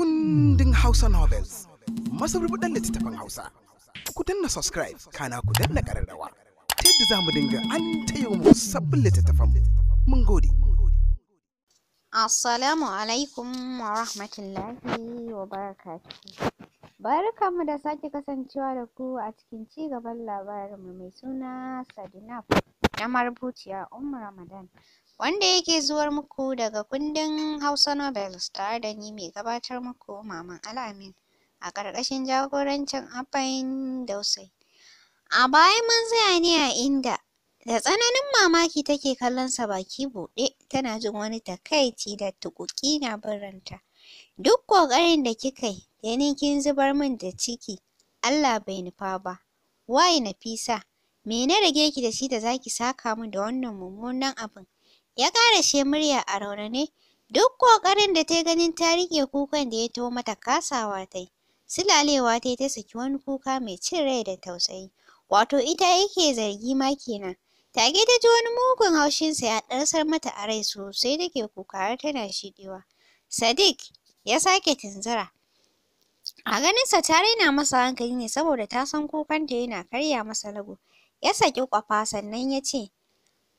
kundin Hausa Novels, masarubuɗan littattafan Hausa. Ku danna subscribe, kana ku danna ƙararrawa. Ta yadda za mu dinga an tayo mu sabbin littattafan mun gode. Assalamu alaikum wa rahmatullahi wa barakatuhu. Barkanmu da sake kasancewa da ku a cikin ci gaban labarinmu mai suna Sadinab na marubuciya umar Ramadan wanda yake zuwar muku daga kundin Hausa Novels tare da ni mai gabatar muku Maman Al'amin a ƙarƙashin jagorancin abin Dausai. A baya mun tsaya ne a inda da tsananin mamaki take kallon sa baki buɗe tana jin wani takaici da tuƙuƙi na barranta. Duk ƙoƙarin da kika yi ganin kin zubar min da ciki Allah bai nufa ba. Wai Nafisa, me na rage ki da shi da zaki saka min da wannan mummunan abin? ya ƙarashe murya a ne. Duk ƙoƙarin da ta ganin ta rike kukan da ya taho mata kasawa tai Silalewa ta ta saki wani kuka mai cin rai da tausayi. Wato ita yake zargi ma kenan. Tage ta ji wani mugun haushin sa ya ɗarsar mata a rai sosai take kuka har tana shiɗewa. Sadiq ya sake tunzura. A ganinsa ta raina masa hankali ne saboda ta san kukanta yana karya masa lago. Ya saki kwafa sannan ya ce,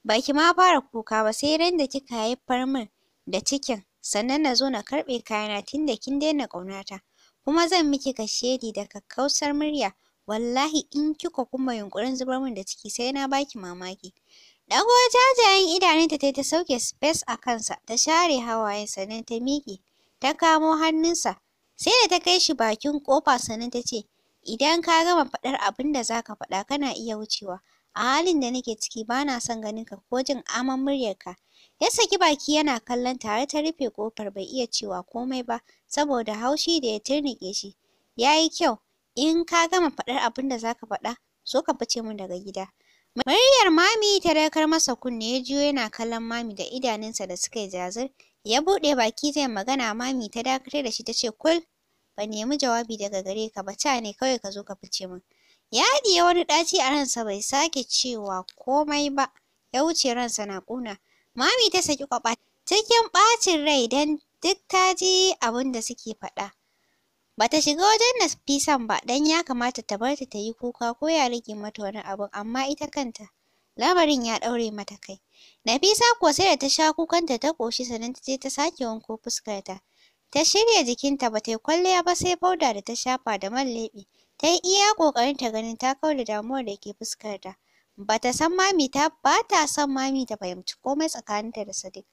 baki ma fara kuka ba sai ran da kika haifar min da cikin sannan na zo na karɓe kayana tunda kin daina ƙaunata kuma zan miki kashedi da kakkausar murya wallahi in kika kuma yunƙurin zubar min da ciki sai na baki mamaki ɗago jajayen idanunta tayi ta sauke space a kansa ta share hawayen sannan ta miki, ta kamo hannunsa sai da ta kai shi bakin ƙofa sannan ta ce idan ka gama faɗar abinda da za ka faɗa kana iya wucewa a halin da nake ciki bana son ganin ka ko jin aman muryarka ya saki baki yana kallon tare ta rufe kofar bai iya cewa komai ba saboda haushi da ya turnuƙe shi yayi kyau in ka gama faɗar abin da zaka ka faɗa zo ka fice min daga gida muryar mami ta dakar masa kunne ya jiyo yana kallon mami da idanunsa da suka yi jazir ya buɗe baki zai magana mami ta dakatar da shi ta ce kul ban nemi jawabi daga gare ka ba ca ne kawai ka zo ka fice min Ya wani ɗaci a ransa bai sake cewa komai ba, ya wuce ransa na ƙuna. Mami ta saki kwaɓa cikin ɓacin rai don duk ta ji abin da suke faɗa. Bata shiga wajen fi Nafisan ba Dan ya kamata ta bar ta ta yi kuka ko ya rage mata wani abu amma ita kanta lamarin ya ɗaure mata kai. Nafisa kuwa sai da ta sha kukanta ta ƙoshi sannan ta je ta sake wanko fuskarta. Ta shirya jikinta ba ta yi kwalliya ba sai fauda da ta shafa da man leɓe. Ta yi iya ta ganin ta kawo da damuwar da ke fuskarta. Ba ta san Mami ta ba ta Mami ta fahimci komai tsakaninta da Sadiq.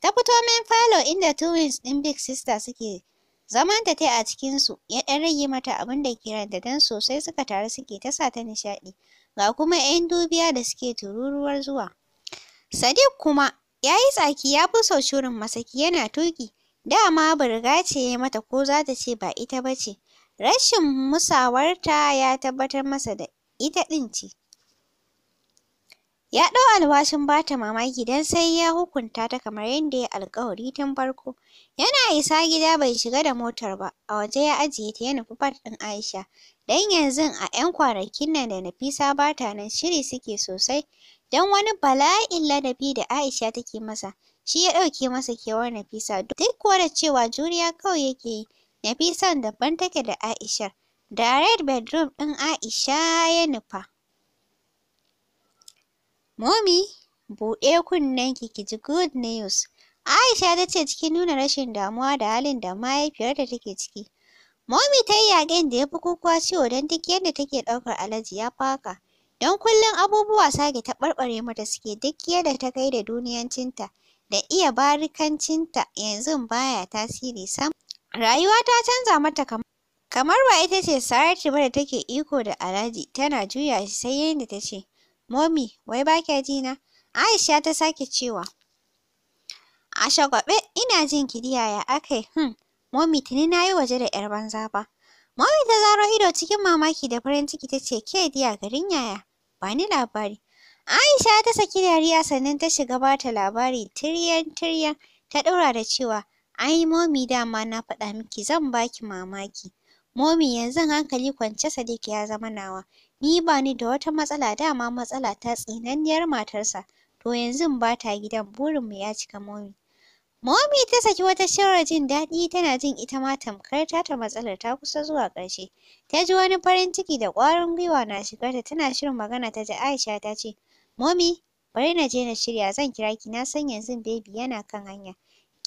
Ta fito main falo inda twins ɗin Big Sister suke zaman ta a cikin su ya ɗan rage mata abin da ke ranta don sosai suka taru suke ta sa ta nishaɗi. Ga kuma 'yan dubiya da suke tururuwar zuwa. Sadiq kuma ya yi tsaki ya fi so shirin masaki yana tuƙi. Dama burga ce ya mata ko za ta ce ba ita bace. Rashin musawarta ya tabbatar masa da ita ɗin ce. Ya ɗau alwashin bata mamaki don sai ya hukunta ta kamar yadda ya alƙawari tun farko. Yana isa gida bai shiga da motar ba, a waje ya ajiye ta ya nufi ɗin Aisha. Don yanzu a 'yan kwanakin nan da Nafisa bata nan shiri suke sosai don wani bala'in ladabi da Aisha take masa. Shi ya ɗauke masa kewar Nafisa duk kuwa da cewa juriya kawai yake yi. Nafisan daban take da Aishar. red bedroom ɗin Aisha ya nufa. Momi, buɗe kunnen ki ki ji good news. Aisha ta ce cikin nuna rashin damuwa da halin da mahaifiyarta take ciki. Momi ta yi yaƙin da ya fi kukuwa ciwo don duk yadda take ɗaukar alaji ya faka Don kullum abubuwa sake taɓarɓare mata suke duk yadda ta kai da duniyancinta da iya barikancinta yanzu baya tasiri sam. Rayuwa ta canza mata kam kamar ba ita ce Saratu ba da take iko da Alhaji tana juya shi sai yayin da ta ce, Mommy, wai ba kya ji na? Aisha ta sake cewa, A shagwaɓe ina jin kidiya ya aka hmm, Mommy tuni na yi waje da 'yar banza ba. Mommy ta zaro ido cikin mamaki da farin ciki ta ce, Ke diya garin yaya, ba ni labari. Aisha ta saki dariya sannan ta shiga ba ta labari tiryan-tiryan ta ɗora da cewa Ai momi dama na faɗa miki zan baki mamaki. Momi yanzu hankali kwance Sadiq ya zama nawa. Ni bani da wata matsala dama matsala ta tsinanniyar matarsa. To yanzu bata ta gidan mu ya cika momi. Momi ta saki wata shawara jin daɗi tana jin ita ma tamkar tata matsalar ta kusa zuwa ƙarshe. Ta ji wani farin ciki da ƙwarin gwiwa na ta tana shirin magana ta ji Aisha ta ce, Momi bari na je na shirya zan kira ki na san yanzu baby yana kan hanya.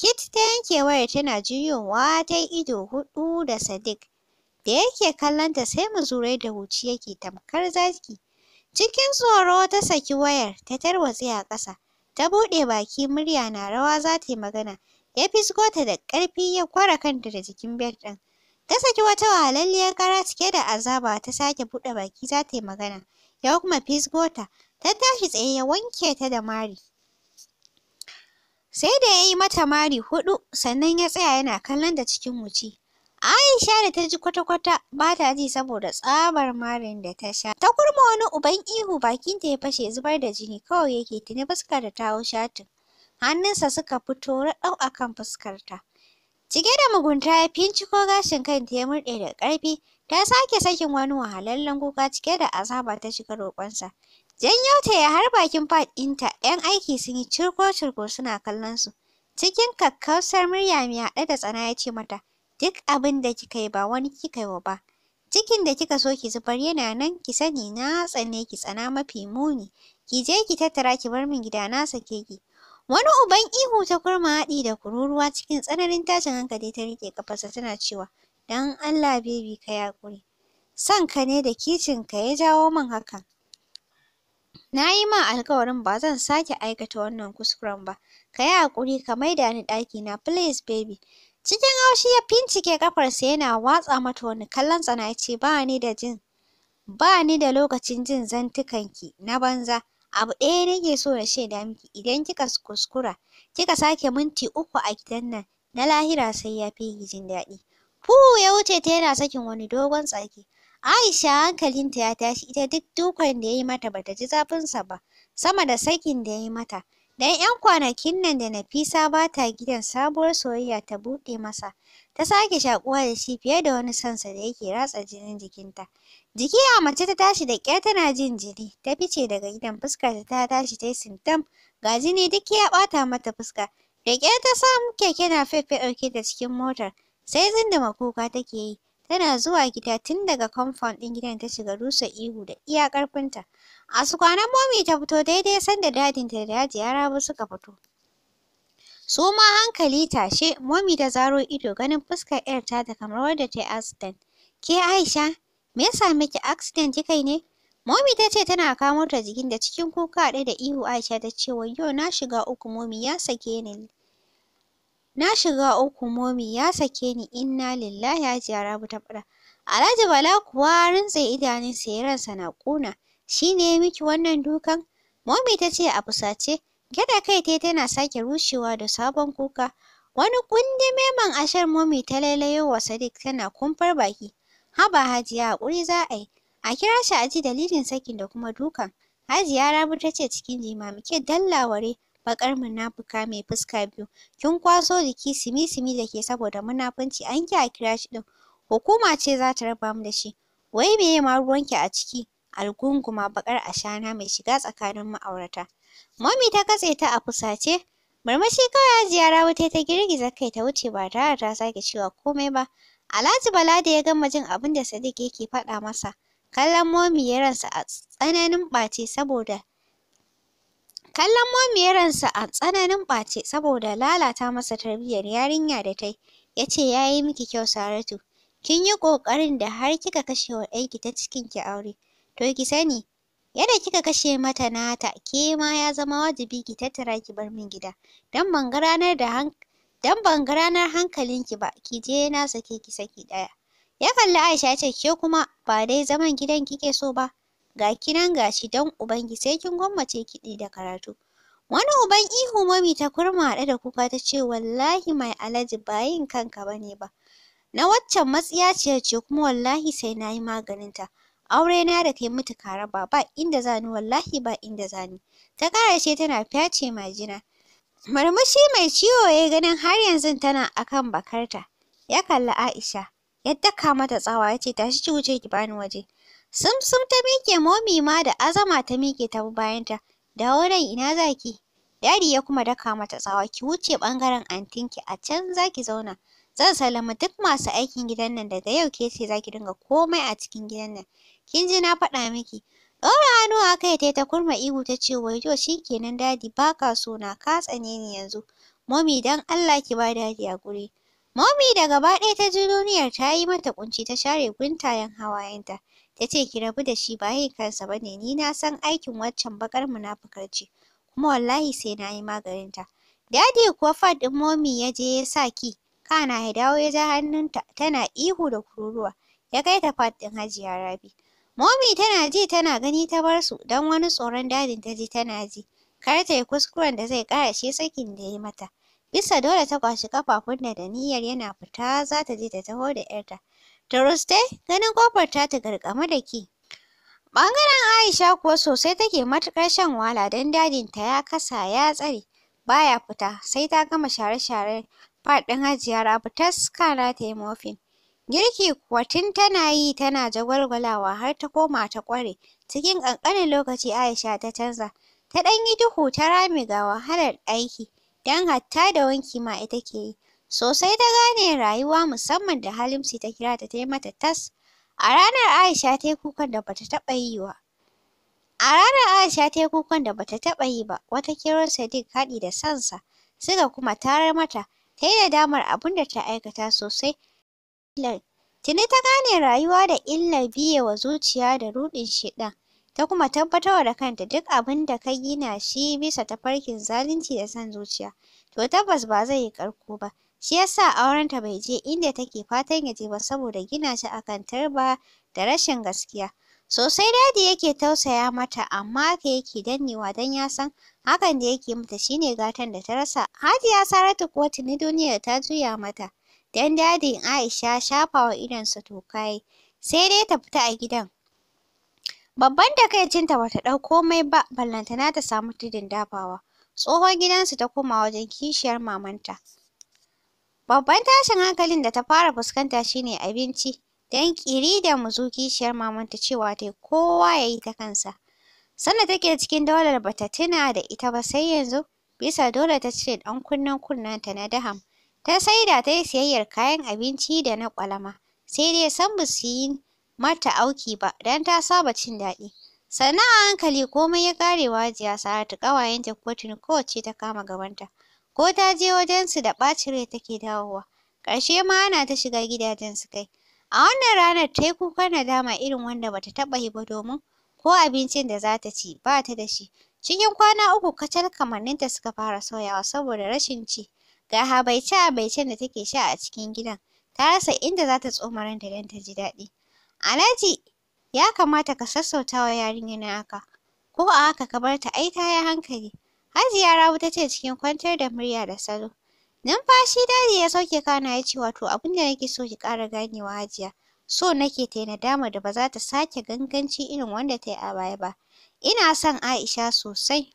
Kit ta yanke wayar tana juyowa ta yi ido huɗu da Sadiq. Da yake kallonta sai mu zurai da huci yake tamkar zaki. Cikin tsoro ta saki wayar ta tarwatse a ƙasa. Ta buɗe baki murya na rawa za ta yi magana. Ya fisgo ta da ƙarfi ya kwara kanta da jikin bel ɗin. Ta saki wata wahalalliyar ƙara cike da azaba ta sake buɗe baki za ta yi magana. Ya kuma fisgo ta. Ta tashi tsaye ya wanke ta da mari. Sai da ya yi mata mari huɗu sannan ya tsaya yana kallon ta cikin wuce. Aisha da ta ji kwata-kwata ba ta ji saboda tsabar marin da ta sha. Ta kurma wani uban ihu bakinta ya fashe zubar da jini kawai yake tuni fuskar da ta hau shatin. Hannunsa suka fito raɗau a kan fuskarta. Cike da mugunta ya finciko gashin kanta ya murɗe da karfi, ta sake sakin wani wahalallen kuka cike da azaba ta shiga roƙonsa. Janyo ta ya har bakin fat ɗinta, ‘yan aiki sun yi cirko-cirko suna kallon su. Cikin kakkausar murya mai haɗe da tsana ya ce mata, duk abin da kika yi ba wani kika yi ba. Cikin da kika so ki zubar yana nan ki sani na tsane ki tsana mafi muni. Ki je ki tattara ki bar min gida na sake ki. Wani uban ihu ta kurma haɗi da kururuwa cikin tsananin tashin hankali ta riƙe ƙafarsa tana cewa, don Allah bebi ka yi haƙuri. Son ka ne da kicin ka ya jawo min hakan. Na yi ma alkawarin ba zan sake aikata wannan kuskuren ba. Ka yi hakuri ka maida ni ɗakina please baby. Cikin haushi ya fincike ƙafarsa yana watsa mata wani kallon tsana ya ba ni da jin ba ni da lokacin jin zantukanki na banza. Abu ɗaya nake so na shaida miki idan kika kuskura kika sake minti uku a gidan nan na lahira sai ya fi ki jin daɗi. Fuhu ya wuce ta yana sakin wani dogon tsaki. Aisha hankalinta ya tashi ita duk dukan da ya yi mata bata ji zafinsa ba, sama da sakin da ya yi mata. Dan 'yan kwanakin nan da Nafisa ba ta gidan sabuwar soyayya ta buɗe masa, ta sake shakuwa da shi fiye da wani sansa da yake ratsa jinin jikinta. Jiki a mace ta tashi da ƙyar tana jin jini, ta fice daga gidan fuskarta ta tashi ta yi sintam, ga jini duk ya ɓata mata fuska. Da ƙyar ta samu keke napep ya ɗauke ta cikin motar, sai zindima kuka take yi. Tana zuwa gida tun daga compound ɗin gidan ta shiga rusa ihu da iya ƙarfinta. A su kwanan momi ta fito daidai sanda dadinta da daji rabu suka fito. Su ma hankali tashe, momi ta zaro ido ganin fuskar 'yarta da kamar wadda ta accident. Ke Aisha, me yasa miki ki accident kika ne? Momi ta ce tana kamo ta jikin da cikin kuka haɗe da ihu Aisha ta ce wayyo na shiga uku momi ya sake ni. Na shiga uku momi ya sake ni inna lillahi Hajiya Rabu ta faɗa. Alhaji Bala kuwa rinsa idanunsa ya ransa na ƙuna. Shi ne ya miki wannan dukan? Momi ta ce a fusace. Gyaɗa kai tai tana sake rushewa da sabon kuka. Wani kundime man ashar momi ta lailayo wa Sadiq tana kumfar baki. Haba Hajiya haƙuri za a yi. A kira shi a ji dalilin sakin da kuma dukan. Hajiya Rabi ta ce cikin jimami ke re. baƙar munafuka mai fuska biyu kin kwaso jiki simi simi da ke saboda munafunci an ki a kira shi ɗin hukuma ce za ta raba mu da shi wai meye ma ruwan ki a ciki algunguma bakar ashana mai shiga tsakanin ma'aurata Mami ta katse ta a fusace murmushi kawai ya ziyara tayi ta girgiza kai ta wuce ba tare da ta sake cewa komai ba Alhaji Bala da ya gama jin abin da Sadiq yake faɗa masa kallon Momi ya rasa a tsananin ɓaci saboda Kallon Momi a tsananin ɓace saboda lalata masa tarbiyyar yarinya da ta yi. Ya ce ya yi miki kyau Saratu, kin yi ƙoƙarin da har kika kashe wa ɗanki ta cikinki aure. To ki sani, yadda kika kashe mata nata, ke ma ya zama wajibi ki tattara ki bar min gida. Don ban ga ranar da han don ban ga ranar hankalinki ba, ki je na sake ki saki ɗaya. Ya kalli Aisha ya ce ke kuma ba dai zaman gidan kike so ba. ga kinan gashi don ubangi sai kin gwammace kiɗi da karatu. Wani uban ihu mami ta kurma haɗe da kuka ta ce wallahi mai alaji ba yin kanka ba ne ba. Na waccan matsiya ce kuma wallahi sai na yi ta Aure na da kai mutu ka raba ba inda za ni wallahi ba inda za ni. Ta ce tana fyace majina. Murmushi mai ciwo ya ganin har yanzu tana akan bakarta. Ya kalli Aisha. Ya daka mata tsawa ya ce tashi ki wuce ki bani waje. Sumsum ta miƙe momi ma da azama ta miƙe ta bayanta. Dawo dai ina za ki? Dadi ya kuma daka mata tsawa ki wuce ɓangaren antinki a can za ki zauna. Zan sallami duk masu aikin gidan nan daga yau ke ce za ki dinga komai a cikin gidan nan. Kin ji na faɗa miki. Ɗora hannu a kai tai ta kurma ihu ta ce wayyo shi kenan dadi Baka ka so na ka tsane ni yanzu. Momi don Allah ki ba dadi haƙuri. Momi da gaba ɗaya ta ji duniyar ta yi mata ƙunci ta share guntayen hawayenta. ta ce ki rabu da shi ba yi kansa ba ne ni na san aikin waccan bakar munafukar ce kuma wallahi sai na yi maganin ta dadi kuwa fat ɗin momi ya je ya sa ki kana ya dawo ya ja hannunta tana ihu da kururuwa ya kai ta fat ɗin hajiya rabi momi tana ji tana gani ta bar su dan wani tsoron dadin ta ji tana ji kar ta yi kuskuren da zai shi sakin da ya mata bisa dole ta kwashi kafafun da da niyyar yana fita za ta je ta taho da 'yarta da Ruste ganin ƙofar ta tiƙarƙame da ke. Bangaren Aisha kuwa sosai take matuƙar shan wahala don dadinta ya kasa ya tsare baya fita sai ta gama share-sharen faɗin Hajiya Rabi ta kana ta yi mofin. Girki kuwa tun tana yi tana jagwalgwalawa har ta koma ta ƙware. Cikin ƙanƙanin lokaci Aisha ta canza. Ta ɗan yi duhu ta rami ga wahalar aiki don hatta da wanki ma ita ke yi. Sosai ta gane rayuwa musamman da Halimsi ta kira ta yi mata tas. A ranar Aisha ta yi kukan da bata taɓa yi ba. A ranar Aisha ta yi kukan da bata taɓa yi ba, wata kiran Sadiq haɗi da sansa suka kuma tarar mata, ta yi nadamar abin da ta aikata sosai. Tuni ta gane rayuwa da illar biyewa zuciya da ruɗin sheɗan, ta kuma tabbatarwa da kanta duk abin da ka gina shi bisa tafarkin zalunci da son zuciya, to tabbas ba zai yi ƙarko ba. Shi yasa aurenta bai je inda take fatan ya je ba saboda gina shi akan tarba da rashin gaskiya. Sosai dadi yake tausaya mata amma haka yake dannewa don ya san hakan da yake mata shine gatan da ta rasa. Hajiya Saratu kuwa tuni duniyar ta juya mata. Dan dadin Aisha shafawa idonsa toka yayi sai dai ta fita a gidan. Babban takaicinta bata dau komai ba ballantana ta samu tudun dafawa. Tsohon gidansu ta koma wajen kishiyar mamanta. Babban tashin hankalin da ta fara fuskanta shine abinci, don ƙiri da muzukiciyar kishiyar mamanta cewa dai kowa ya yi ta kansa. Sanda take cikin daular ba ta tuna da ita ba sai yanzu, bisa dole ta cire ɗan kunnen kunnenta na daham. Ta saida ta yi siyayyar kayan abinci da na ƙwalama, sai dai sam ba su yi mata auki ba don ta saba cin daɗi. Sannan a hankali komai ya ƙare wa Hajiya Saratu ƙawayenta kuwa tuni kowacce ta kama gabanta. ko ta je wajen su da ɓacin rai take dawowa ƙarshe ma ana ta shiga gidajen su kai a wannan ranar ta yi na dama irin wanda bata taɓa yi ba domin ko abincin da za ta ci ba ta da shi cikin kwana uku kacal kamanninta suka fara sauyawa saboda rashin ci ga habaice habaicen da take sha a cikin gidan ta rasa inda za ta tsoma ranta don ta ji daɗi alhaji ya kamata ka sassauta wa yarinyar nan haka ko a haka ka bar ta ai ta yi hankali Hajiya Rabi ta ce cikin kwantar da murya da salo. Numfashi Dadi ya sauke kana ya ce wato abin da nake so ki ƙara ganewa Hajiya. So nake ta yi damar da ba za ta sake ganganci irin wanda ta yi a baya ba. Ina son Aisha sosai.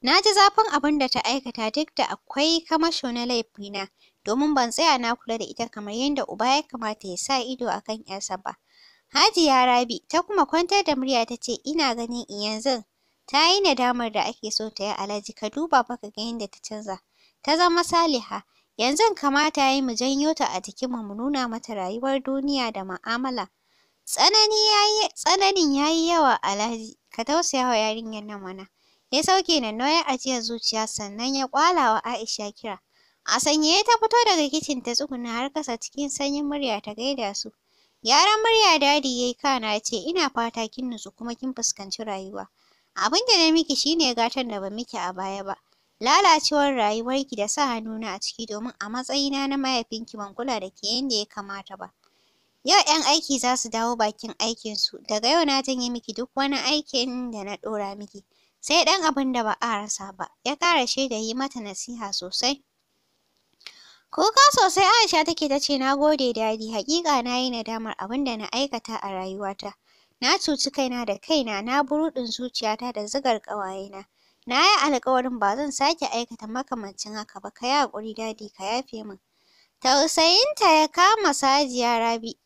Na ji zafin abin da ta aikata duk da akwai kamasho na laifina, domin ban tsaya na kula da ita kamar yadda uba ya kamata ya sa ido a kan ‘yarsa ba. Hajiya Rabi ta kuma kwantar da murya ta ce, ina ganin yanzu ta yi nadamar da ake so ta yi alhaji ka duba fa ka ga yadda ta canza ta zama saliha yanzu kamata ya yi mu janyo ta a jikinmu mu nuna mata rayuwar duniya da ma'amala tsanani yayi tsananin ya yi yawa alhaji ka tausaya wa yarinyar nan mana ya sauke nanno ya ajiyar zuciya sannan ya kwala wa Aisha kira a sanye ta fito daga kicin ta tsuguna har kasa cikin sanyin murya ta gaida su yaran murya dadi yayi kana ya ce ina fata kin nutsu kuma kin fuskanci rayuwa Abin da na miki shi ne gatan da ba miki a baya ba. Lalacewar rayuwarki da sa hannuna a ciki domin a matsayina na mahaifinki ban kula da ke yadda ya kamata ba. Yau 'yan aiki za su dawo bakin aikin su Daga yau na janye miki duk wani aikin da na ɗora miki. Sai ɗan abin da ba a rasa ba. Ya ƙara da yi mata nasiha sosai. Kuka sosai Aisha take ta ce na gode dadi haƙiƙa na yi nadamar abin da na aikata a rayuwata. Na cuci kaina da kaina, na buruɗin zuciyata da zigar ƙawayena. Na yi alƙawarin ba zan sake aikata makamancin haka ba, ka yi haƙuri Dadi, ka yafe min. Tausayinta ya kama su Rabi.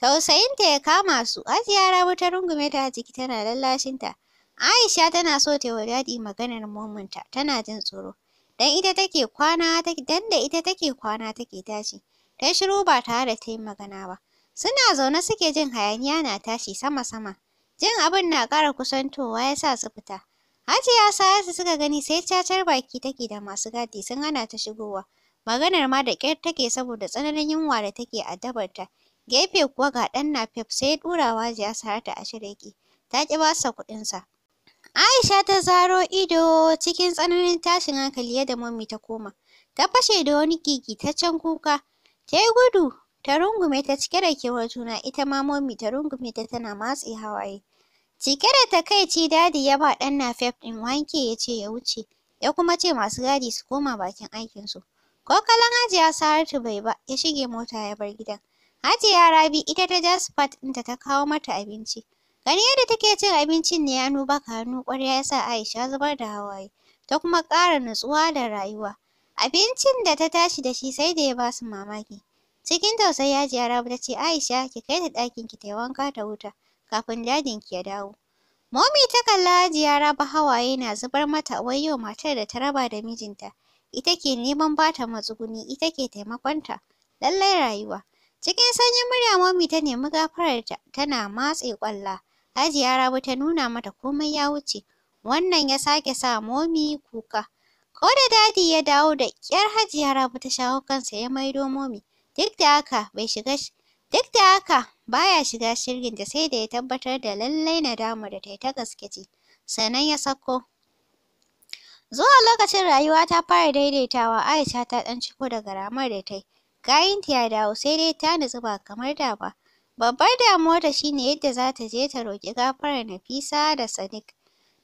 Tausayinta ya kama su, Hajiya Rabi ta rungume ta a jiki tana lallashinta. Aisha tana so ta yi wa Dadi maganar mumunta, tana jin tsoro. Dan ita take kwana, dan da ita take kwana take tashi. Ta shiru ba tare da ta yi magana ba. Suna zaune suke jin hayaniya na tashi sama-sama. Jin abin na ƙara kusantowa ya sa su fita. Hajiya Saratu suka gani sai cacar baki take da masu gadi sun hana ta shigowa. Maganar ma da ƙyar take saboda tsananin yunwa da take addabarta. Gefe kuwa ga ɗan Nafef sai ya ɗura wa Hajiya Saratu a shirye Ta ƙi ba sa kuɗinsa. Aisha ta zaro ido cikin tsananin tashin hankali yadda Mummy ta koma. Ta fashe da wani gigitaccen kuka. Ta yi gudu ta rungume ta cike da kewar juna ita ma mommy ta rungume ta tana matsi hawaye cike da takaici dadi ya ba ɗan nafef ɗin wanke ya ce ya wuce ya kuma ce masu gadi su koma bakin aikinsu ko kallon hajiya saratu bai ba ya shige mota ya bar gidan hajiya rabi ita ta ja spat ɗinta ta kawo mata abinci gani yadda take cin abincin ne ya nuba ka hannu kwarya ya sa aisha zubar da hawaye ta kuma ƙara nutsuwa da rayuwa abincin da ta tashi da shi sai da ya ba su mamaki Cikin tausayi Hajiya Rabu ta ce Aisha ki kai ta ɗakin ki ta yi wanka ta huta kafin dadin ki ya dawo. Momi ta kalla Hajiya Rabu hawaye na zubar mata wai matar da ta raba da mijinta ita ke neman ba ta matsuguni ita ke taimakonta lallai rayuwa. Cikin sanyin murya Momi ta nemi gafararta tana matse ƙwalla. Hajiya Rabu ta nuna mata komai ya wuce. Wannan ya sake sa Momi kuka. Ko da dadi ya dawo da ƙyar Hajiya Rabu ta shawo kansa ya maido Momi. Duk da haka bai shiga duk da haka baya shiga shirginta sai da ya tabbatar da lallai nadama da ta ta gaske ce. Sannan ya sako. Zuwa lokacin rayuwa ta fara daidaitawa Aisha ta ɗan ciko daga ramar da ta yi. Gayinta ya dawo sai dai ta nutsu ba kamar da ba. Babbar damuwarta shine yadda za ta je ta roƙi gafarar Nafisa da Sadiq.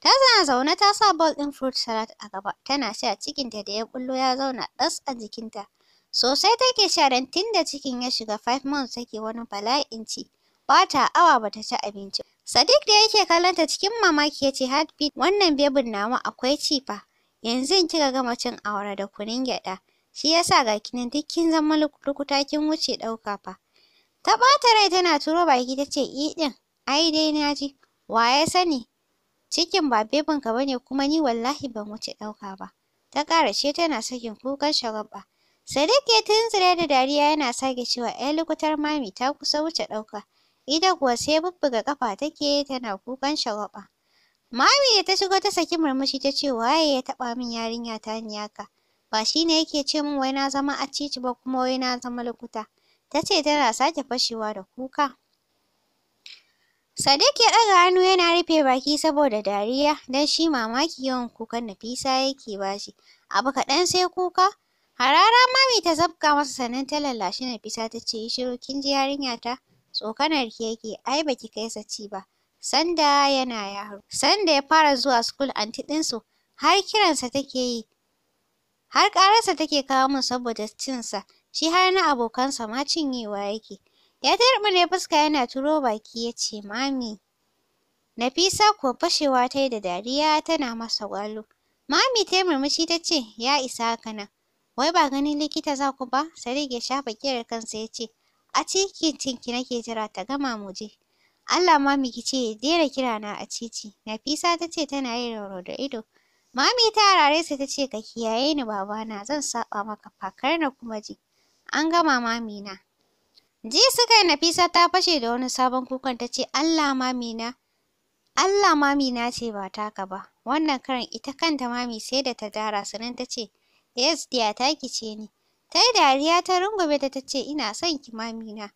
Ta zana zaune ta sa bol ɗin fruit salad a gaba, tana sha cikinta da ya ɓullo ya zauna ɗas a jikinta. Sosai take sharan tun cikin ya shiga five months take wani bala'in ci. Ba awa bata ci abinci. Sadiq da yake kallon cikin mamaki yace ce heartbeat wannan bebin nawa akwai ci fa. Yanzu kika gama cin awara da kunun gyaɗa. Shi yasa ga kinan kin zama lukuta kin wuce ɗauka fa. Ta ɓata rai tana turo baki ta ce i ɗin ai dai na ji. Wa ya sani cikin ba bebinka ka bane kuma ni wallahi ban wuce ɗauka ba. Ta ce tana sakin kukan shagabba. Sadiq ya tunzura da dariya yana sake cewa ‘yar eh, lukutar mami ta kusa wuce ɗauka. Ita kuwa sai bubbuga ƙafa take tana kukan shawaba. Mami da ta shigo ta saki murmushi ta ce waye ya taɓa min yarinya ta ni Ba shi ne yake ce min wai na zama acici ba kuma wai na zama lukuta. Ta ce tana sake fashewa da kuka. Sadiq ya ɗaga hannu yana rufe baki saboda dariya don shi mamaki yawan kukan Nafisa yake bashi. shi. Abu kaɗan sai kuka. Harara Mami ta zabga masa sannan ta lallashi Nafisa ta ce, yi shiru kin ji yarinya ta? Tsokanar ki yake, ai baki ki kai ci ba. Sanda yana yaro. Sanda ya fara zuwa school anti ɗinsu, har kiransa take yi. Har ƙararsa take kawo mun saboda cinsa, shi har na abokansa ma cinyewa yake. Ya ne fuska yana turo baki ya ce, Mami. Nafisa kuwa fashewa ta yi da dariya tana masa gwalo. Mami ta yi murmushi ta ce, ya isa haka Wai ba ganin likita za ku ba? Sadiq ya shafa kiyar kansa ya ce, A cikin tinki nake jira ta gama mu je. Allah ma miki ce ya kira na a cici. Nafisa ta ce tana yin rauro da ido. Mami ta harare sa ta ce ka kiyaye ni babana zan saba maka fakar na kuma ji. An gama mami na. Ji suka na Nafisa ta fashe da wani sabon kukan ta ce Allah mami na. Allah mami na ce ba taka ba. Wannan karan ita kanta mami sai da ta dara sannan ta ce Yes ta taki ce ni. Ta yi dariya ta rungume ta ta ce ina son ki mami na.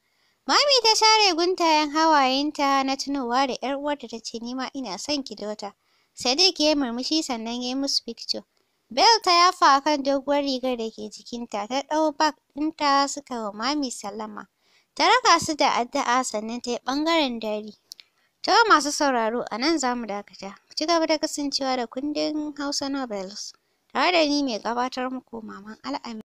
Mami ta share guntayen hawayenta na tunowa da ‘yar uwarta ta ce ni ma ina son ki dota. Sadiq ya murmushi sannan ya yi musu picture. Bell ta yafa kan doguwar rigar da ke jikinta ta ɗau bag ɗinta suka wa mami sallama. Ta raka su da addu'a sannan ta yi ɓangaren dari. To masu sauraro a nan za mu dakata. Ku ci gaba da kasancewa da kundin Hausa Novels. Tare da ni mai gabatar muku Maman al'ami